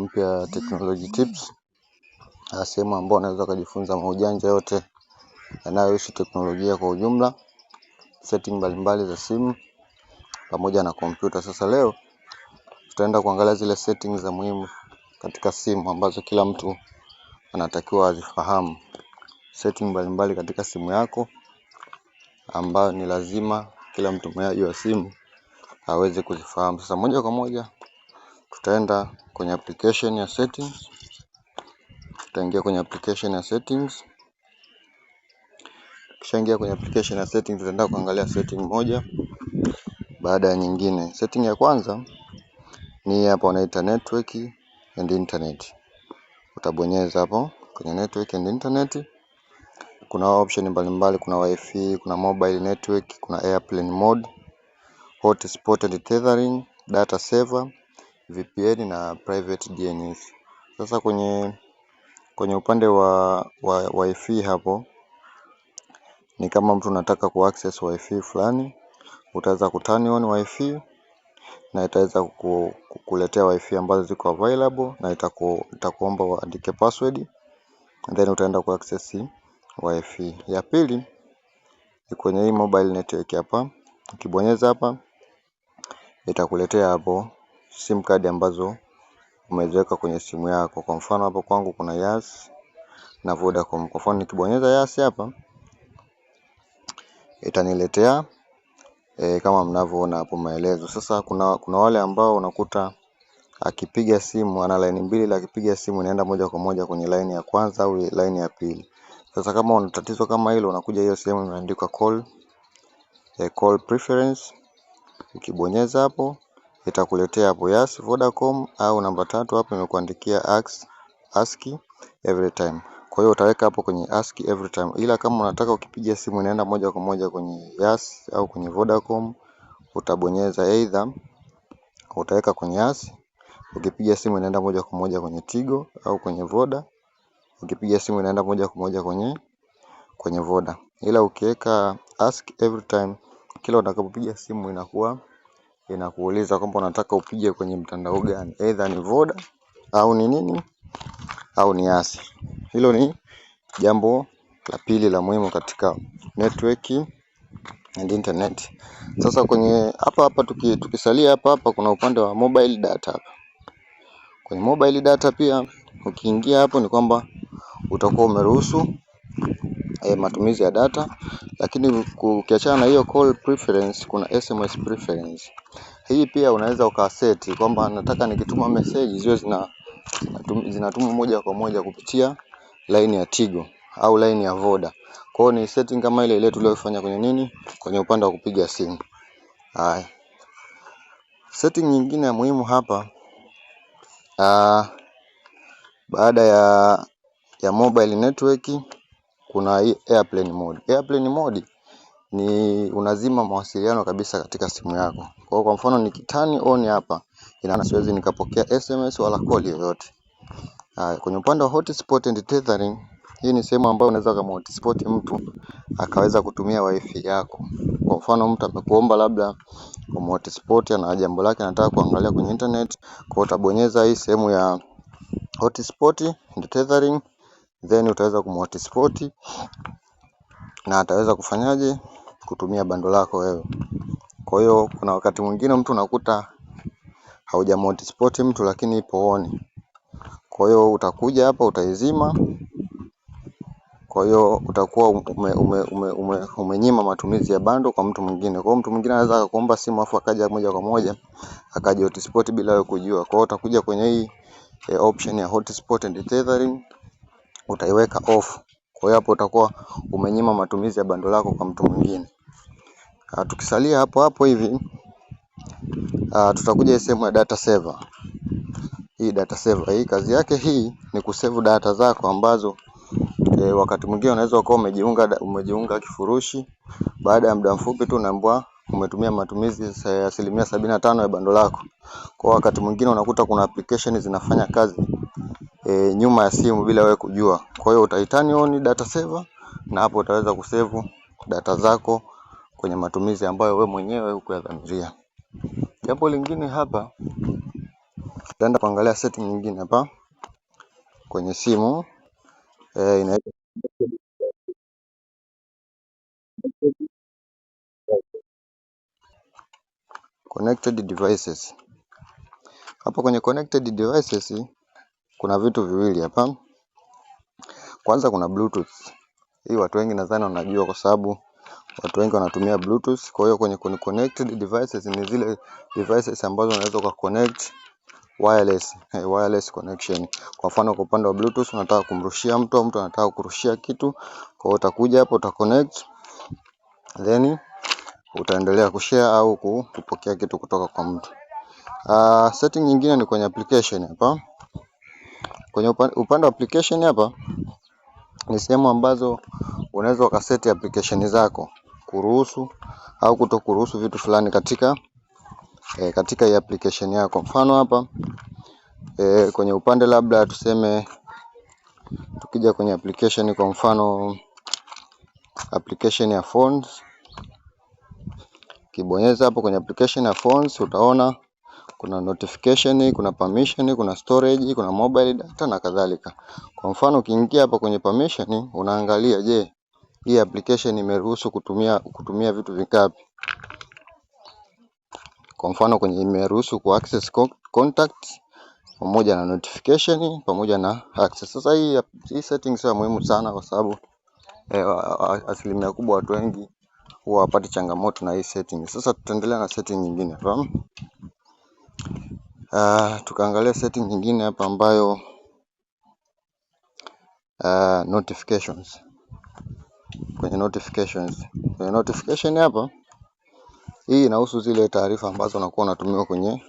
mpya uh, Technology Tips, sehemu ambayo unaweza kujifunza maujanja yote yanayohusu teknolojia kwa ujumla, setting mbalimbali za simu pamoja na kompyuta. Sasa leo tutaenda kuangalia zile settings za muhimu katika simu ambazo kila mtu anatakiwa azifahamu. Setting mbalimbali katika simu yako ambayo ni lazima kila mtumiaji wa simu aweze kuzifahamu. Sasa moja kwa moja Tutaenda kwenye application ya settings. Tutaingia kwenye application ya settings. Tukishaingia kwenye application ya settings, tutaenda kuangalia setting moja baada ya nyingine. Setting ya kwanza ni hapa wanaita network and internet. Utabonyeza hapo kwenye network and internet. Kuna option mbalimbali, kuna wifi, kuna mobile network, kuna airplane mode, hotspot and tethering, data saver VPN na private DNS. Sasa kwenye, kwenye upande wa, wa wifi hapo ni kama mtu unataka ku kuaccess wifi fulani, utaweza ku turn on wifi na itaweza kukuletea wifi ambazo ziko available na itaku, itakuomba uandike password and then utaenda ku kuaccess wifi. Ya pili ni kwenye hii mobile network hapa, ukibonyeza hapa itakuletea hapo sim card ambazo umeziweka kwenye simu yako. Kwa mfano hapo kwangu kuna Yas na Vodacom. Kwa mfano nikibonyeza Yas hapa itaniletea e, kama mnavyoona hapo maelezo. Sasa kuna, kuna wale ambao unakuta akipiga simu ana laini mbili, akipiga simu inaenda moja kwa moja kwenye laini ya kwanza au laini ya pili. Sasa kama una tatizo kama hilo, unakuja hiyo sehemu imeandikwa call, e, call preference, ukibonyeza hapo itakuletea hapo yes Vodacom au namba tatu hapo imekuandikia ask every time. Kwa hiyo utaweka hapo kwenye ask every time, ila kama unataka ukipiga simu inaenda moja kwa moja kwenye yes au kwenye Vodacom, utabonyeza either utaweka kwenye yes, ukipiga simu inaenda moja kwa moja kwenye Tigo au kwenye Voda, ukipiga simu inaenda moja kwa moja kwenye kwenye Voda, ila ukiweka ask every time kila utakapopiga simu inakuwa inakuuliza kwamba unataka upige kwenye mtandao gani, either ni Voda au ni nini au ni asi. Hilo ni jambo la pili la muhimu katika network and internet. Sasa kwenye hapa hapa tuki, tukisalia hapa hapa kuna upande wa mobile data. Kwenye mobile data pia ukiingia hapo ni kwamba utakuwa umeruhusu eh, matumizi ya data, lakini ukiachana na hiyo call preference, kuna SMS preference. Hii pia unaweza ukaseti kwamba nataka nikituma message ziwe zinatumwa moja kwa moja kupitia laini ya Tigo au laini ya Voda. Kwa hiyo ni setting kama ile ile tuliyofanya kwenye nini, kwenye upande wa kupiga simu. Haya, setting nyingine ya muhimu hapa aa, ah, baada ya ya mobile network kuna airplane mode. Airplane mode ni unazima mawasiliano kabisa katika simu yako. Kwa kwa mfano nikitani on hapa, ina maana siwezi nikapokea SMS wala call yoyote. Haya, kwenye upande wa hotspot and tethering, hii ni sehemu ambayo unaweza kama hotspot mtu akaweza kutumia wifi yako. Kwa mfano mtu amekuomba labda kwa hotspot, ana jambo lake anataka kuangalia kwenye internet, kwa utabonyeza hii sehemu ya hotspot and tethering, then utaweza kumhotspot na ataweza kufanyaje kutumia bando lako wewe. Kwa hiyo kuna wakati mwingine mtu unakuta hauja spot mtu lakini ipo on. Kwa hiyo utakuja hapa utaizima. Kwa hiyo utakuwa ume, ume, ume, ume, umenyima matumizi ya bando kwa mtu mwingine. Kwa hiyo mtu mwingine anaweza akakuomba simu afu akaja moja kwa moja akaja hotspot bila wewe kujua. Kwa hiyo utakuja kwenye hii e, option ya hotspot and tethering utaiweka off. Kwa hiyo hapo utakuwa umenyima matumizi ya bando lako kwa mtu mwingine. Ah, tukisalia hapo hapo hivi uh, tutakuja sehemu ya data saver. Hii data saver hii kazi yake hii ni kusevu data zako ambazo e, wakati mwingine unaweza ukawa umejiunga umejiunga kifurushi, baada ya muda mfupi tu unaambiwa umetumia matumizi ya asilimia sabini na tano ya bando lako. Kwa wakati mwingine unakuta kuna application zinafanya kazi e, nyuma ya simu bila wewe kujua. Kwa hiyo utahitani on data saver na hapo utaweza kusevu data zako kwenye matumizi ambayo we mwenyewe hukuyadhamiria. Jambo lingine hapa, tutaenda kuangalia seti nyingine hapa kwenye simu e, eh, ina... connected devices. Hapa kwenye connected devices kuna vitu viwili hapa. Kwanza kuna Bluetooth. Hii watu wengi nadhani wanajua kwa sababu Watu wengi wanatumia Bluetooth, kwa hiyo kwenye connected devices ni zile devices ambazo unaweza uka connect wireless, hey, eh, wireless connection. Kwa mfano kwa upande wa Bluetooth unataka kumrushia mtu au mtu anataka kurushia kitu, kwa hiyo utakuja hapo uta connect then utaendelea kushare au kupokea kitu kutoka kwa mtu. Uh, setting nyingine ni kwenye application hapa. Kwenye upande wa application hapa ni sehemu ambazo unaweza ukaseti application zako kuruhusu au kutokuruhusu vitu fulani katika e, katika hii application yako. Mfano hapa e, kwenye upande labda tuseme tukija kwenye application kwa mfano application ya phones, kibonyeza hapo kwenye application ya phones utaona kuna notification, kuna permission, kuna storage, kuna mobile data na kadhalika. Kwa mfano ukiingia hapa kwenye permission unaangalia, je, hii application imeruhusu kutumia kutumia vitu vingapi? Kwa mfano kwenye imeruhusu ku access contact pamoja na notification pamoja na access. Sasa hii, hii settings ya muhimu sana kwa sababu eh, asilimia kubwa watu wengi huwa wapati changamoto na hii setting. Sasa tutaendelea na setting nyingine fahamu. Uh, tukaangalia setting nyingine hapa ambayo uh, notifications kwenye notifications. Kwenye notification hapa, hii inahusu zile taarifa ambazo unakuwa unatumiwa kwenye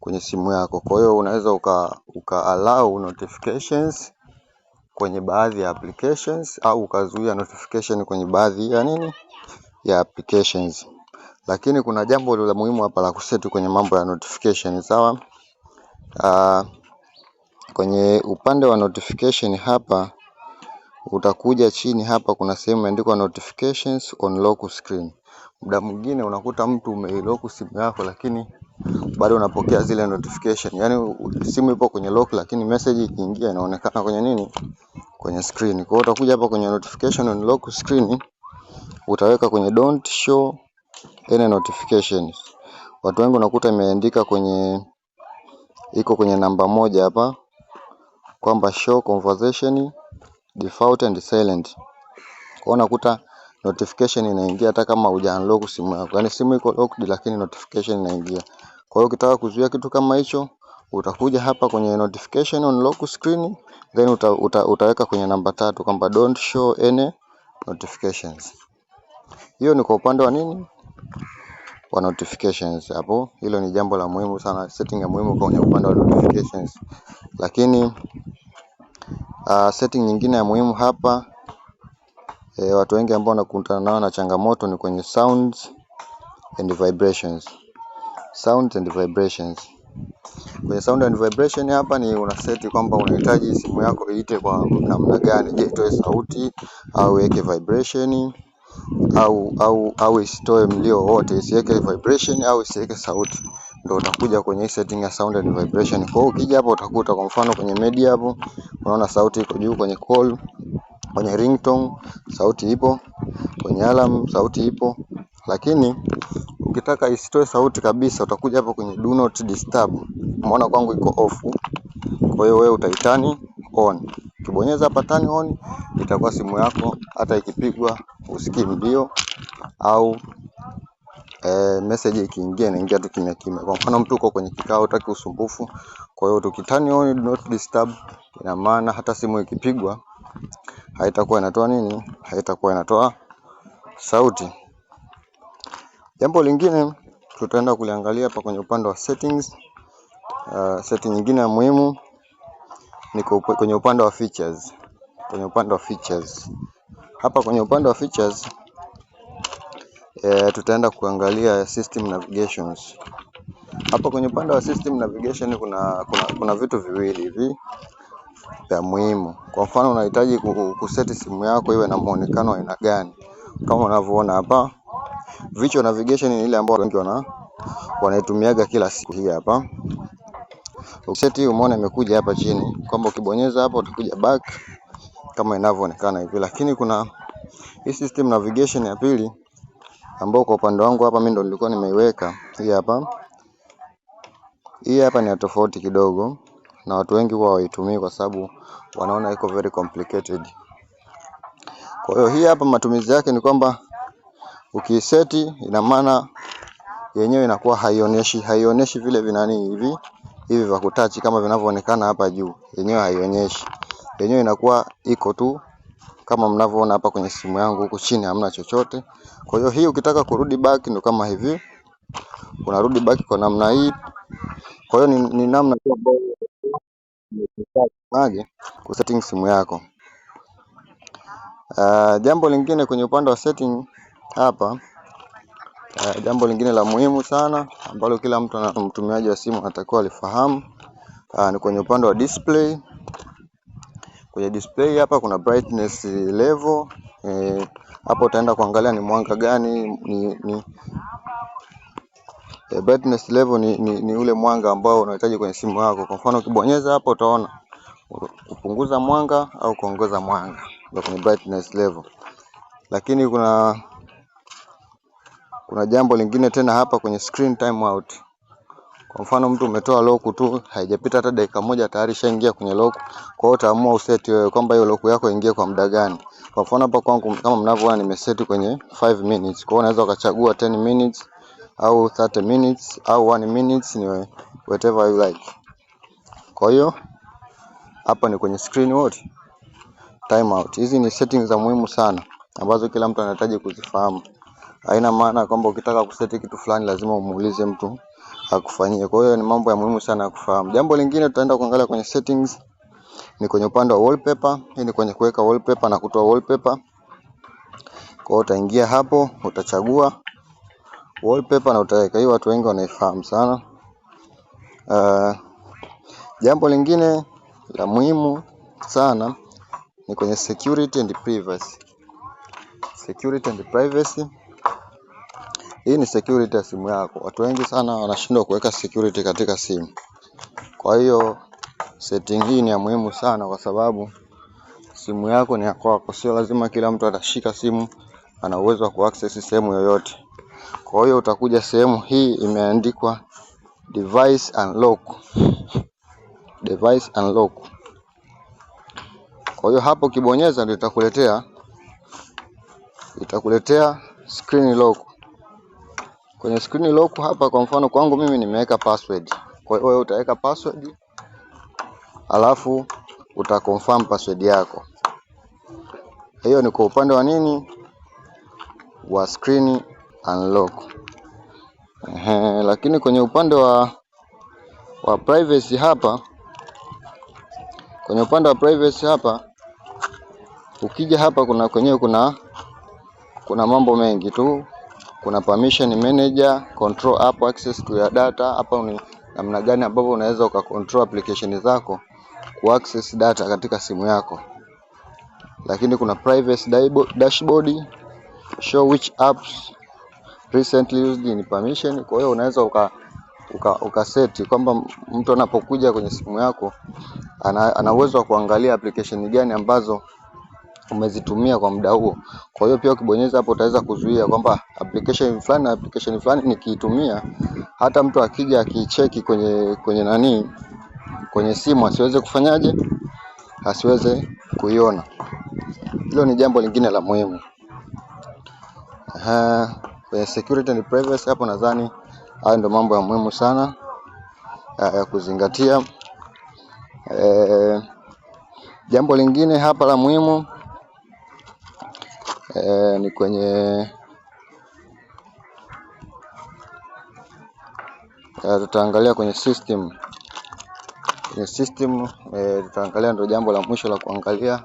kwenye simu yako. Kwa hiyo unaweza uka, uka allow notifications kwenye baadhi ya applications au ukazuia notification kwenye baadhi ya nini ya applications. Lakini kuna jambo la muhimu hapa la kuseti kwenye mambo ya notification, sawa? Uh, kwenye upande wa notification hapa utakuja chini hapa kuna sehemu imeandikwa notifications on lock screen. Muda mwingine unakuta mtu umeilock simu yako lakini bado unapokea zile notification. yani simu ipo kwenye lock lakini message ikiingia inaonekana kwenye nini? Kwenye screen. Kwa hiyo utakuja hapa kwenye notification on lock screen utaweka kwenye don't show any notifications. Watu wengi unakuta imeandika kwenye iko kwenye namba moja hapa kwamba show conversation default and silent. Kwa unakuta notification inaingia hata kama huja unlock simu yako. Yaani simu iko locked lakini notification inaingia. Kwa hiyo ukitaka kuzuia kitu kama hicho utakuja hapa kwenye notification on lock screen then uta, uta, utaweka kwenye namba tatu kwamba don't show any notifications. Hiyo ni kwa upande wa nini? Wa notifications hapo. Hilo ni jambo la muhimu sana, setting ya muhimu kwa upande wa notifications. Lakini Uh, setting nyingine ya muhimu hapa e, watu wengi ambao wanakutana nao na changamoto ni kwenye sounds and vibrations. Sounds and vibrations. Kwenye sound and vibration hapa ni unaseti kwamba unahitaji simu yako iite kwa namna gani. Je, itoe sauti au iweke vibration au au au isitoe mlio wote, isiweke vibration au isiweke sauti ndio utakuja kwenye setting ya sound and vibration. Kwa hiyo ukija hapo utakuta kwa mfano kwenye media hapo unaona sauti iko juu, kwenye call, kwenye ringtone sauti ipo, kwenye alarm sauti ipo, lakini ukitaka isitoe sauti kabisa utakuja hapo kwenye do not disturb. Umeona kwangu iko off, kwa hiyo wewe utaitani on. Ukibonyeza hapa turn on, itakuwa simu yako hata ikipigwa usikii mlio au eh, message ikiingia inaingia tu kimya kimya. Kwa mfano mtu uko kwenye kikao, hutaki usumbufu, kwa hiyo tukitani on do not disturb, ina maana hata simu ikipigwa haitakuwa inatoa nini, haitakuwa inatoa sauti. Jambo lingine tutaenda kuliangalia hapa kwenye upande wa settings. Uh, setting nyingine ya muhimu ni kwenye upande wa features. Kwenye upande wa features hapa kwenye upande wa features E, tutaenda kuangalia system navigations. Hapa kwenye upande wa system navigation kuna, kuna, kuna vitu viwili hivi vya muhimu. Kwa mfano unahitaji kuseti simu yako iwe na muonekano aina gani, kama unavyoona hapa. Visual navigation ni ile ambayo wengi wana wanaitumiaga kila siku hii hapa. Ukiseti hii umeona imekuja hapa chini kwamba ukibonyeza hapa utakuja back kama inavyoonekana hivi, lakini kuna hii system navigation ya pili ambao kwa upande wangu hapa mimi ndo nilikuwa nimeiweka hii hapa. Hii hapa ni tofauti kidogo na watu wengi huwa waitumii kwa sababu wanaona iko very complicated. Kwa hiyo hii hapa matumizi yake ni kwamba ukiiseti, ina maana yenyewe inakuwa haionyeshi haionyeshi vile vinani hivi hivi vya kutachi kama vinavyoonekana hapa juu, yenyewe haionyeshi, yenyewe inakuwa iko tu kama mnavyoona hapa kwenye simu yangu huku chini hamna chochote. Kwa hiyo hii ukitaka kurudi back ndo kama hivi. Unarudi back kwa namna hii. Kwa hiyo ni, ni namna tu ambayo ku setting simu yako. Uh, jambo lingine kwenye upande wa setting hapa uh, jambo lingine la muhimu sana ambalo kila mtu mtumiaji wa simu anatakiwa alifahamu uh, ni kwenye upande wa display Kwenye display hapa kuna brightness level e, hapo, e, utaenda kuangalia ni mwanga gani ni, ni, e, brightness level ni, ni, ni ule mwanga ambao unahitaji kwenye simu yako. Kwa mfano ukibonyeza hapo utaona kupunguza mwanga au kuongeza mwanga ndio kwenye brightness level. Lakini kuna kuna jambo lingine tena hapa kwenye screen time out. Kwa mfano mtu umetoa lock tu, haijapita hata dakika moja tayari shaingia kwenye lock. Kwa hiyo utaamua useti wewe kwamba hiyo lock yako ingie kwa muda gani. Kwa mfano hapa kwangu kama mnavyoona nimeseti kwenye 5 minutes. Kwa hiyo unaweza ukachagua 10 minutes au 30 minutes au 1 minutes ni whatever you like. Kwa hiyo hapa ni kwenye screen what timeout. Hizi ni settings za muhimu sana ambazo kila mtu anahitaji kuzifahamu. Haina maana kwamba ukitaka kuseti kitu fulani lazima umuulize mtu hakufanyia. Kwa hiyo ni mambo ya muhimu sana ya kufahamu. Jambo lingine tutaenda kuangalia kwenye settings ni kwenye upande wa wallpaper. Hii ni kwenye kuweka wallpaper na kutoa wallpaper. Kwa hiyo utaingia hapo, utachagua wallpaper na utaweka. Hiyo watu wengi wanaifahamu sana. Uh, jambo lingine la muhimu sana ni kwenye security and privacy. Security and privacy hii ni security ya simu yako. Watu wengi sana wanashindwa kuweka security katika simu. Kwa hiyo setting hii ni ya muhimu sana, kwa sababu simu yako ni ya kwako, sio lazima kila mtu atashika simu, ana uwezo wa kuaccess sehemu yoyote. Kwa hiyo utakuja sehemu hii imeandikwa device unlock. Device unlock. Kwa hiyo hapo ukibonyeza ndio itakuletea itakuletea screen lock. Kwenye screen lock hapa, kwa mfano kwangu mimi nimeweka password. Kwa hiyo wewe utaweka password alafu utaconfirm password yako. Hiyo ni kwa upande wa nini wa screen unlock. Ehe, lakini kwenye upande wa wa privacy hapa, kwenye upande wa privacy hapa, ukija hapa kuna kwenyewe kuna kuna mambo mengi tu kuna permission manager, control app, access to your data. Hapa ni namna gani ambavyo unaweza ukacontrol application zako ku access data katika simu yako. Lakini kuna privacy dashboard, show which apps recently used in permission. Kwa hiyo unaweza uka uka, uka set kwamba mtu anapokuja kwenye simu yako ana uwezo wa kuangalia application gani ambazo umezitumia kwa muda huo. Kwa hiyo pia ukibonyeza hapo utaweza kuzuia kwamba application fulani na application fulani nikiitumia, hata mtu akija akicheki kwenye kwenye nani kwenye simu asiweze kufanyaje, asiweze kuiona. Hilo ni jambo lingine la muhimu. Aha, kwenye security and privacy hapo nadhani hayo ndio mambo ya muhimu sana ya kuzingatia. E, jambo lingine hapa la muhimu Ee, ni kwenye e, tutaangalia kwenye system kwenye system e, tutaangalia ndio jambo la mwisho la kuangalia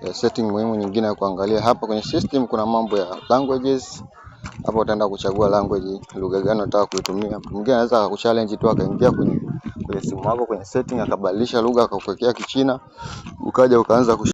e, setting muhimu nyingine ya kuangalia hapa kwenye system. Kuna mambo ya languages hapa, utaenda kuchagua language, lugha gani unataka kuitumia. Mwingine anaweza akakuchallenge tu akaingia kwenye kwenye simu yako kwenye setting akabadilisha lugha akakuwekea Kichina ukaja ukaanza